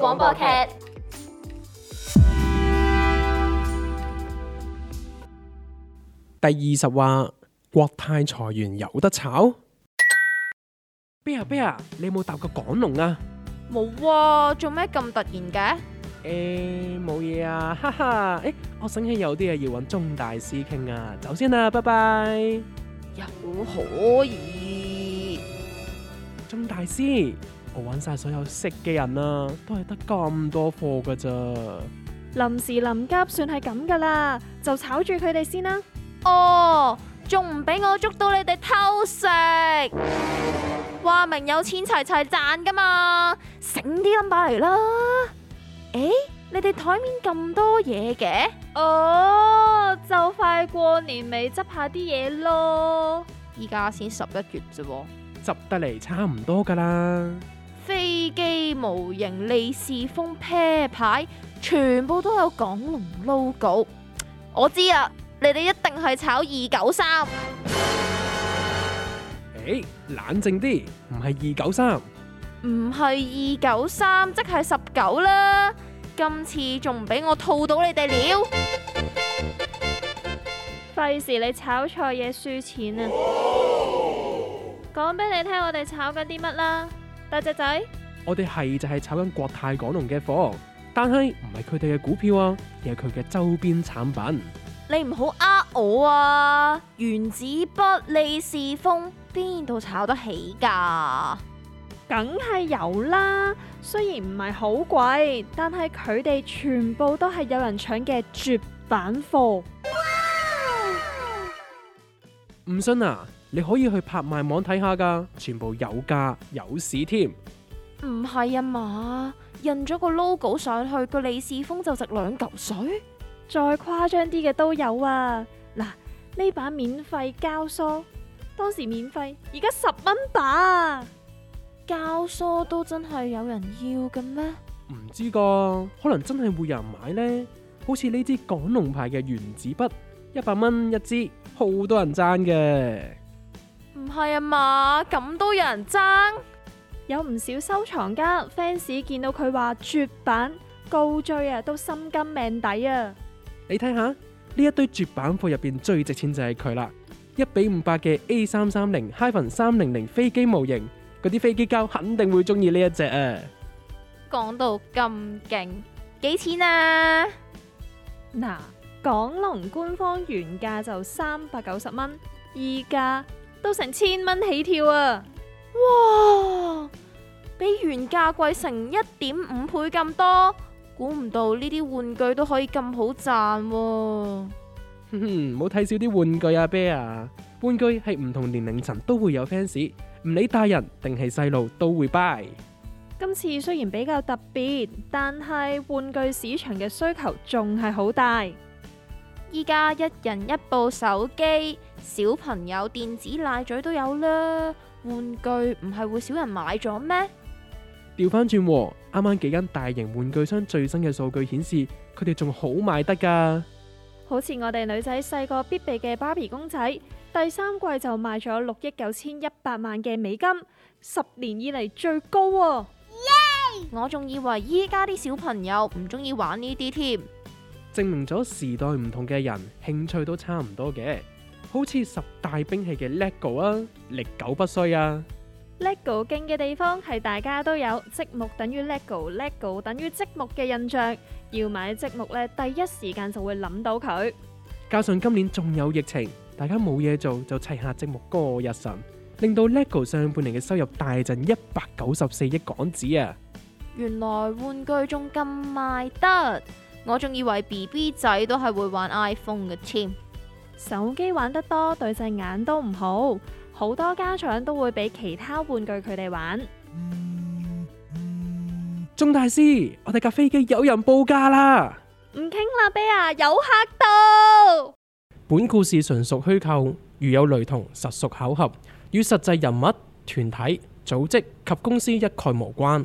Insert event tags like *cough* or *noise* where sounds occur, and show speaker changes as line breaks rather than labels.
廣播劇，
廣播劇第二十話，國泰裁員有得炒。啤牙，啤牙你有冇搭過港龍啊？冇、啊，做咩咁突然嘅、啊？誒、欸，冇嘢啊，哈哈。誒、欸，我想起有啲嘢要揾鍾大師傾啊，走先啦、啊，拜拜。又可以，鍾大師。我揾晒所有識嘅人啦，都係得咁多貨噶咋？
臨時臨急算係咁噶啦，就炒住佢哋先啦。哦，仲唔俾我捉到你哋偷食？話明有錢齊齊賺噶嘛，醒啲冧巴嚟啦。誒、欸，你哋枱面咁多嘢嘅？哦，就快過年，未執下啲嘢咯。依家先十一月啫，
執得嚟差唔多噶啦。
模型利是封、啤牌，全部都有港龍 logo。我知啊，你哋一定係炒二九三。
誒、欸，冷靜啲，唔係二九三，
唔係二九三，即係十九啦。今次仲唔俾我套到你哋料？費事 *music* 你炒錯嘢，輸錢啊！講俾哇你聽，我哋炒緊啲乜啦，大隻仔。
我哋係就係炒緊國泰港龍嘅貨，但係唔係佢哋嘅股票啊，而係佢嘅周邊產品。
你唔好呃我啊！原子筆利是封，邊度炒得起噶？梗係有啦，雖然唔係好貴，但係佢哋全部都係有人搶嘅絕版貨。
唔哇信啊？你可以去拍賣網睇下噶，全部有價有市添。
唔係啊嘛，印咗個 logo 上去個利是封就值兩嚿水，再誇張啲嘅都有啊。嗱、啊，呢把免費膠梳，當時免費，而家十蚊把，膠梳都真係有人要嘅咩？
唔知㗎，可能真係會有人買呢。好似呢支港龍牌嘅原子筆，一百蚊一支，好多人爭嘅。
唔係啊嘛，咁都有人爭。有唔少收藏家 fans 見到佢話絕版高追啊，都心甘命抵啊！你睇下
呢一堆絕版貨入邊最值錢就係佢啦，一比五百嘅 A 三三零-三零零飛機模型，嗰啲飛機膠肯定會中意呢一隻啊。
講到咁勁，幾錢啊？嗱，港龍官方原價就三百九十蚊，而家都成千蚊起跳啊！哇！比原價貴成一點五倍咁多，估唔到呢啲玩具都可以咁好賺啊。哼哼，
唔好睇少啲玩具啊，啤啊！玩具係唔同年齡層都會有 fans，唔理大人定係細路都會 buy。
今次雖然比較特別，但係玩具市場嘅需求仲係好大。依家一人一部手機，小朋友電子奶嘴都有啦，玩具唔係會少人買咗咩？
調翻轉喎，啱啱幾間大型玩具商最新嘅數據顯示，佢哋仲好賣得噶。
好似我哋女仔細個必備嘅芭比公仔，第三季就賣咗六億九千一百萬嘅美金，十年以嚟最高啊！Yeah! 我仲以為依家啲小朋友唔中意玩呢啲添，
證明咗時代唔同嘅，人興趣都差唔多嘅。好似十大兵器嘅 LEGO 啊，歷久不衰啊！
LEGO 勁嘅地方係大家都有積木等於 LEGO，LEGO 等於積木嘅印象。要買積木咧，第一時間就會諗到佢。
加上今年仲有疫情，大家冇嘢做就砌下積木過日神，令到 LEGO 上半年嘅收入大增一百九十四億港紙啊！
原來玩具仲咁賣得，我仲以為 BB 仔都係會玩 iPhone 嘅添。手機玩得多對隻眼都唔好。好多家長都會俾其他玩具佢哋玩。
鍾大師，我哋架飛機有人報價啦！
唔傾啦，啤牙，有客到！
本故事純屬虛構，如有雷同，實屬巧合，與實際人物、團體、組織及公司一概無關。